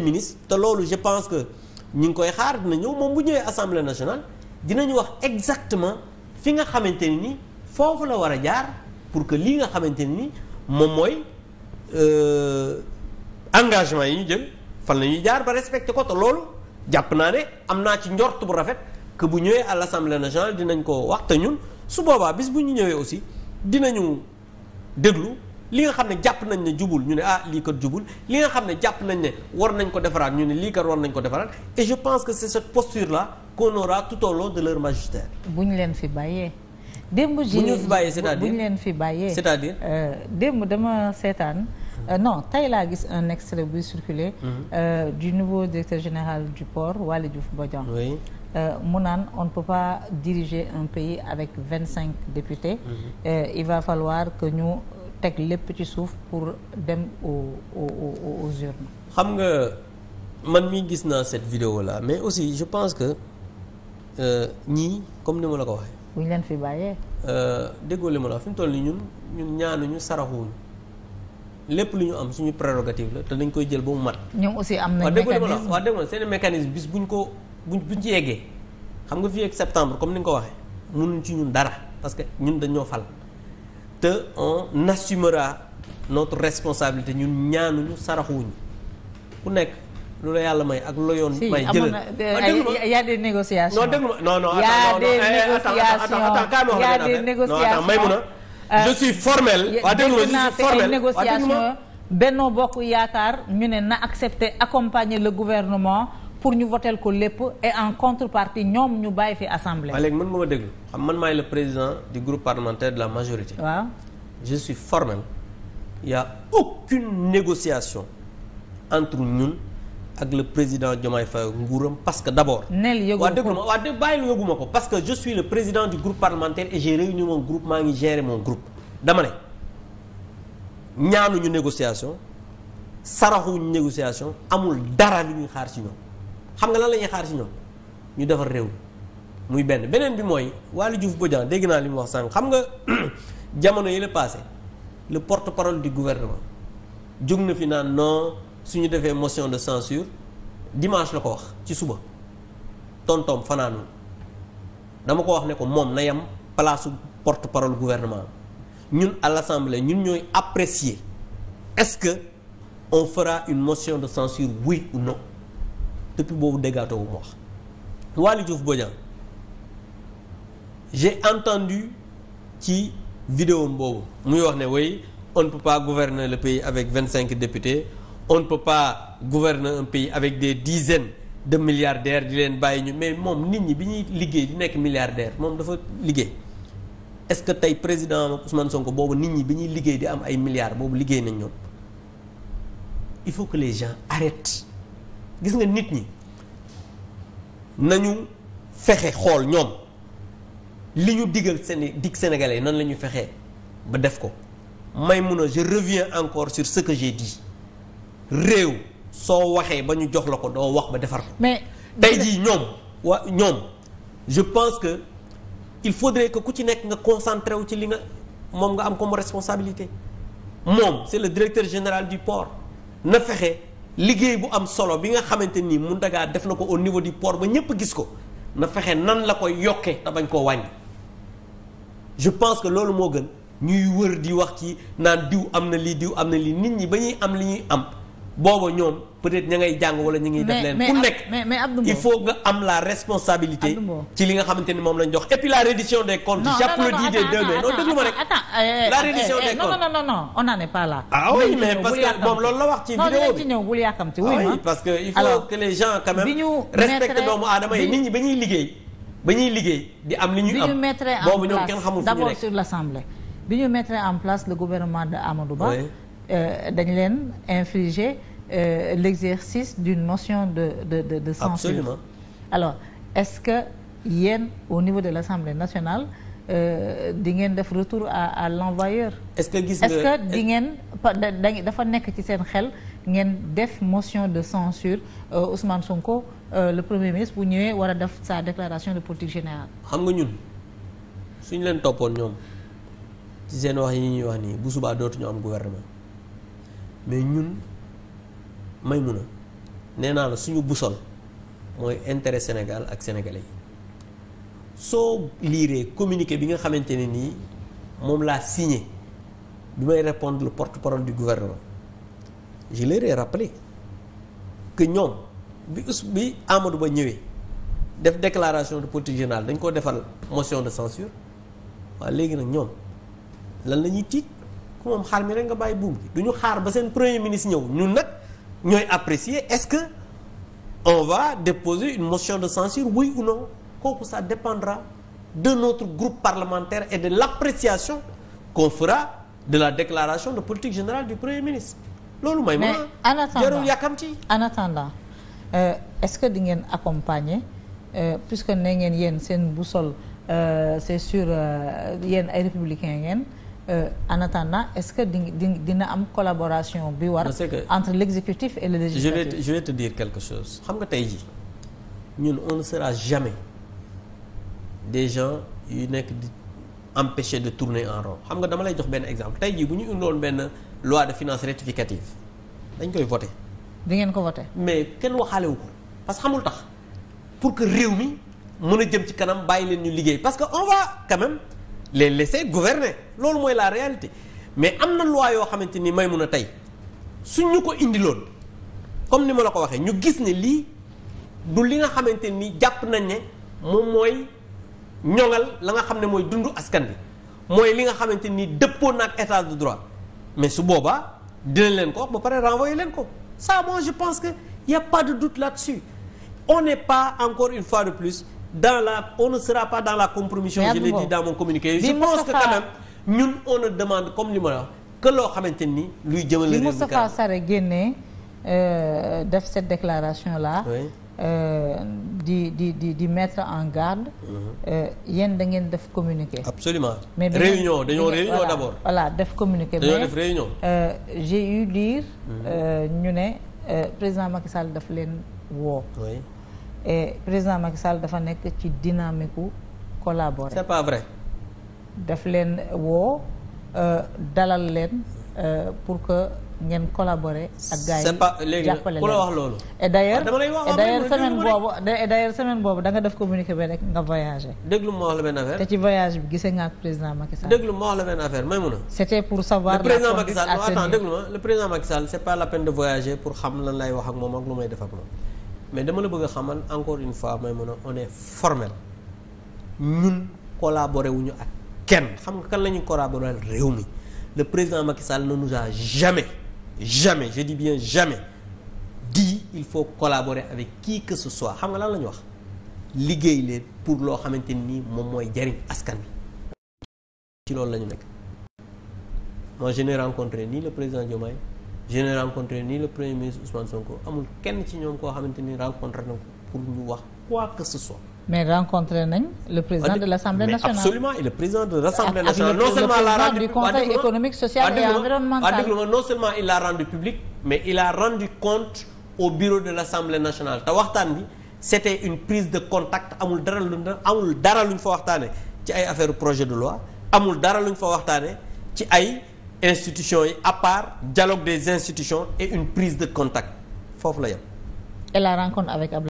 ministre te loolu je pense que ñu ngi koy xaar dina ñëw moom bu ñëwee assemblée nationale dinañu wax exactement fi nga xamante ni foofu la war a jaar pour que lii nga xamante ne ni moom mooy euh, engagement yi ñu jël fan la ñuy jaar ba respecté ko te loolu jàpp naa ne am naa ci njort bu rafet que bu ñëwee à l' assemblée nationale dinañ ko wax te ñun su boobaa bis bu ñu ñëwee aussi dinañu déglu. li nga xam ne jàpp nañ ne jubul ñu ne ah lii kat jubul li nga xam ne jàpp nañ ne war nañ ko defaraat ñu ne lii kat war nañ ko defaraat et je pense que c'est cette posture là qu'on aura tout au long de leur magistère. bu ñu leen fi bàyyee. démb ji bu ñu fi bàyyee leen fi bàyyee. c'est-à-dire euh, démb dama seetaan. Euh, non tey laa gis un extrait buy circulé. Mm-hmm. Euh, du nouveau directeur général du port Waly Diouf Bodian. oui euh, mu naan on ne peut pas diriger un pays avec vingt cinq députés. Mm-hmm. Euh, teg lépp ci suuf pour dem au au aux urnes. xam nga man mii gis naa cette vidéo là mais aussi je pense que euh, ñii comme ni ma la ko waxe bu ñu leen fi bàyyee. Euh, déggoo li ma la wax fi mu toll nii ñun ñun ñaanuñu saraxuwuñu lépp lu ñu am suñu prérogative la te dañ koy jël ba mu mat. ñoom aussi am na nañu mécanisme waaw déggoo seen mécanisme bis buñ ko buñ buñ ci yeggee xam nga fii ak septembre comme ni nga ko waxee mënuñ ci ñun dara parce que ñun dañoo fal. te on notre responsabilité ñu ñaanuñu saraxuñu ku nekk lu la yàlla may ak lu yoon may jëlal y a des négociations non déglu ma non non eh, négociation euh, Benno Bokk Yaakaar ñu ne na accepter accompagner le gouvernement pour ñu votel ko lépp et en contrepartie ñoom ñu bàyyi fi assemblée. waaw léegi mën nga ma déglu xam man maay la président du groupe parlementaire de la majorité. je suis formel. il y a aucune négociation entre ñun ak le président Diomaye fa nguuram parce que d' abord. nel yëgu ma ko waaw déglu ma ko parce que je suis le président du groupe parlementaire et j'ai réuni mon groupe maa ngi gérer mon groupe dama ne. ñaanuñu négociation saraxuñu négociation amul dara lu ñuy xaar ci xam nga lan la ñuy xaar ñoom ñu defar réew muy benn beneen bi mooy Waly Diouf Bodian dégg naa li mu wax sànq xam nga jamono yi la passé le porte-parole du gouvernement jóg na fi naan non ñu defee motion de censure dimanche la ko wax ci suba tontoom fanaanul dama ko wax ne ko moom na yam place porte-parole gouvernement ñun à l'Assemblée ñun ñooy apprécier est-ce que on fera une motion de censure oui ou non depuis boobu déggaatoo bu mu wax Waly Diouf Bodiang j'ai entendu ci vidéo boobu muy wax ne way on ne peut pas gouverner le avec vingt cinq députés on ne peut pas gouverner un avec des dizaines de milliardaires di leen bàyyi ñu mais moom nit ñi bi ñuy liggéey di nekk milliardaire moom dafa liggéey est-ce que tey président Ousmane Sonko boobu nit ñi bi ñuy liggéey di am ay milliards boobu liggéey nañ ñoom il faut que les gens arrêtent gis nga nit ñi nañu fexe xool ñoom li ñu digal seen dig sénégalais nan la ñu fexee ba def ko Maïmouna je reviens encore sur ce que j'ai dit réew soo waxee ba ñu jox la ko doo wax ba defar ko. mais tey jii ñoom wa ñoom je pense que il faudrait que ku ci nekk nga concentré wu ci li nga moom nga am comme responsabilité moom c'est le directeur général du port na fexe. liggéey bu am solo bi nga xamante ni Moundaga def na ko au niveau du port ba ñëpp gis ko na fexe nan la koy yokkee te bañ koo wàññi je pense que loolu moo gën ñuy wër di wax ci naan diw am na lii diw am na lii nit ñi ba ñuy am li ñuy am. booba ñoom peut-être ña ngay jàng wala ñu ngi def leen ku nekk il faut nga am la responsabilité ci li nga xamante ni moom lañ jox et puis la reddition des comptes j'applaudis des deux mains non déglu ma rek euh, la reddition euh, des euh, comptes non non non on n'en est pas là ah oui mais moom loolu la wax ci vidéo bi ñëw bul yàkkamti ah oui parce que il faut que les gens quand même respectent doomu aadama yi nit ñi ba ñuy liggéey ba ñuy liggéey di am li ñuy am boobu ñoom kenn xamul fu ñu nekk d'abord sur ñu mettre en place le gouvernement de Amadou Ba Euh, dañ leen infliger euh, l'exercice d'une motion de de de de censure. Absolument. alors est-ce que yéen au niveau de l'Assemblée nationale euh, di ngeen def retour à à l'envoyeur. est-ce que gis nga est-ce que di ngeen dafa nekk ci seen xel ngeen def motion de censure Ousmane Sonko le premier ministre bu ñëwee war a def sa déclaration de politique générale. xam nga ñun suñ leen toppoon ñoom ci seen wax yi ñuy wax nii bu subaa dootuñu am gouvernement. mais ñun may mun a nee naa la suñu busol mooy intérêt Sénégal ak sénégalais yi soo liiree communiqué bi nga xamante ne nii moom laa signé bi may répondre le porte-parole du gouvernement je leur ai rappelé ñoom bi us bi Amadou Ba ñëwee def déclaration de politique générale dañ koo defal motion de censure waaw léegi nag ñoom lan la ñuy ku moom xaar mi rek nga bàyyi buum gi du ñu xaar ba seen premier ministre ñëw ñu nag ñooy apprécier est-ce que on va déposer une motion de censure oui ou non kooku sa dépendra de notre groupe parlementaire et de l'appréciation qu'on fera de la déclaration de politique générale du premier ministre loolu may mais en attendant jarul yàkkamti en attendant euh, est-ce que di ngeen accompagner euh, puisque ne ngeen yéen seen boussole euh, c'est sûr euh, yéen ay républicain ngeen Euh, en attendant est-ce que dina am collaboration bi war. entre l'exécutif et le législatif. je vais je vais te dire quelque chose xam nga tey ji ñun on ne sera jamais des gens yu nekk di empêcher de tourner en rond xam nga dama lay jox benn exemple tey jii bu ñu indiloon benn loi de finances rectificative dañ koy voter. di ngeen ko voter. mais kenn waxaale wu ko parce que xamul tax pour que réew mi mën a jëm ci kanam bàyyi leen ñu liggéey parce que on les laisser gouverner loolu mooy la réalité mais am na loi yoo xamante ni may mun a tey suñ ñu ko indiloon comme ni ma la ko waxee ñu gis ne lii du li nga xamante ni jàpp nañ ne moom mooy ñoŋal la nga xam ne mooy dundu askan bi mooy li nga xamante ni dëppoon na ak état de droit mais su boobaa dinañ leen ko wax ba pare renvoyer leen ko ça moi je pense que y a pas de doute là-dessus on n'est pas encore une fois de plus dans la on ne sera pas dans la compromission je l'ai dit dans mon ñun on ne demande comme li ma la loo xamante ni luy jëmale réew mi Moustapha Sarré génnee euh, def cette déclaration là euh, di di di di mettre en garde mhm. euh, yéen da ngeen def communiqué absolument mais réunion dañoo réunion d'abord voilà def communiqué dañoo def réunion j'ai eu dire mhm. ñu ne président Macky Sall daf leen woo président Macky Sall dafa nekk ci dynamique u collaborer c'est pas vrai daf leen woo euh, dalal leen euh, pour que ngeen collaborer ak gars yi jàppale leen wax loolu et d'ailleurs ah, et d'ailleurs semaine boobu et da nga def communiqué bi rek nga voyagé déglu ma wax la benn affaire te ci voyage bi gisee nga ak président Macky Sall déglu wax la benn affaire may mun a c'était pour savoir le président Macky Sall attends déglu ma le président Macky c'est pas la mais dama la bëgg a xamal encore une fois mooy mën a on est formel ñun collaboré wuñu ak kenn xam nga kan la ñuy collaboré réew mi le président Macky Sall ne nous a jamais jamais je bien jamais di il faut collaborer avec qui que ce soit xam nga lan la ñu wax liggéey leen pour loo xamante nii moom mooy jariñ askan bi ci loolu lañu ñu nekk moi je n'ai rencontré ni le président Diomaye je n'ai rencontré ni le premier ministre Ousmane amul kenn ci ñoom koo xamante ni rencontré na ko pour ñu wax quoi que ce soit. mais rencontré nañ le président de l'Assemblée nationale mais absolument et le président de l'Assemblée nationale non seulement la rendu du Conseil il l'a rendu public mais il a rendu compte au bureau de l'Assemblée nationale te waxtaan bi c'était une prise de contact amul dara luñ amul dara luñ fa waxtaane ci ay affaire projet de loi amul dara luñ fa waxtaane ci ay institutions yi à part dialogue des institutions et une prise de contact foofu la yem. et la rencontre avec Ablaye.